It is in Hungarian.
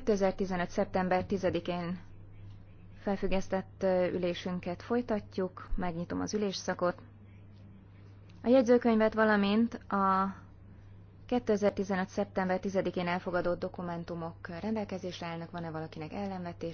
2015. szeptember 10-én felfüggesztett ülésünket folytatjuk, megnyitom az ülésszakot. A jegyzőkönyvet, valamint a 2015. szeptember 10-én elfogadott dokumentumok rendelkezésre állnak, van-e valakinek ellenvetés?